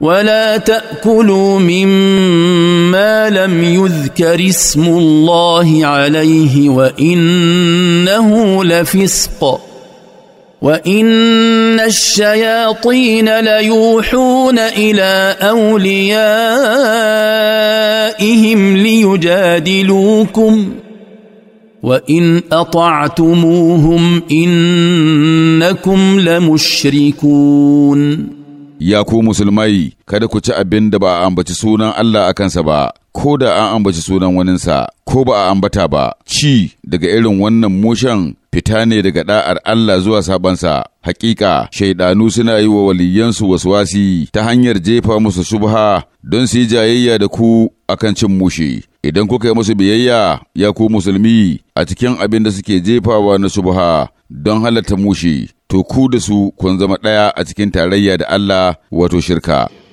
ولا تاكلوا مما لم يذكر اسم الله عليه وانه لفسق وان الشياطين ليوحون الى اوليائهم ليجادلوكم وان اطعتموهم انكم لمشركون ya ku musulmai kada ku ci abin da ba a ambaci sunan Allah a kansa ba ko da an ambaci sunan waninsa ko ba a ambata ba ci daga irin wannan mushen fita ne daga da'ar Allah zuwa sabansa hakika shaidanu suna yi wa waliyansu waswasi ta hanyar jefa musu shubha don su yi jayayya da ku akan cin mushi, idan kuka yi musu biyayya ya ku musulmi a cikin abin da suke jefawa na shubha don halatta mushi, to ku da su kun zama ɗaya a cikin tarayya da Allah wato shirka.